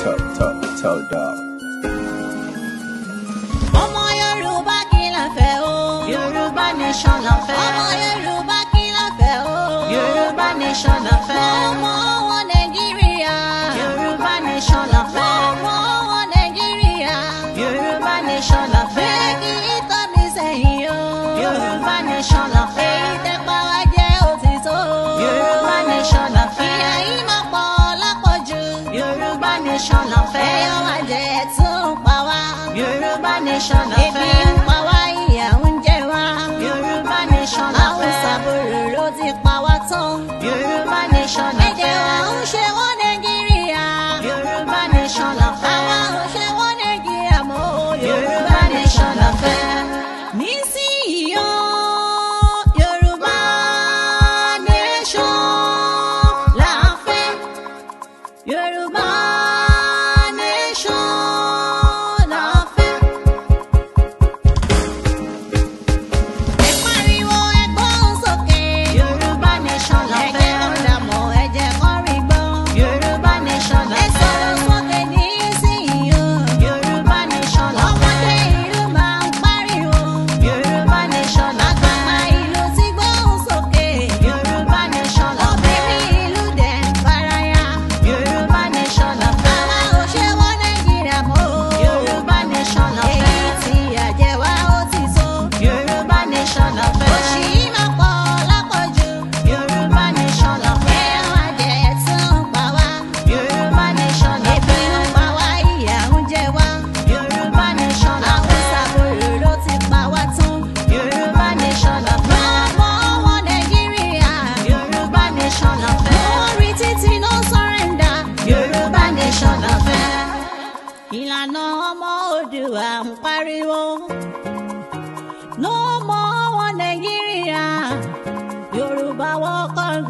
Tough, tough, tough, dog. Ọmọ Yoruba kí la o, Yorùbá nation la fẹ́. Ọmọ Yorùbá kí la o, Yorùbá nation la fẹ́. Ọmọ ọwọ́ Nàìjíríà, Yorùbá nation la fẹ́. Ọmọ ọwọ́ Nàìjíríà, Yorùbá nation la fẹ́. Bẹ́ẹ̀ kì mi sẹ́yìn o, Yorùbá nation la fẹ́. Nation la fẹ́ ọ̀làjẹ́ tó ń pa wá. Yorùbá Nation la my nation la fẹ́. ìlànà ọmọ Oòduà ń pariwo no more one Nigeria Yorùbá world congress.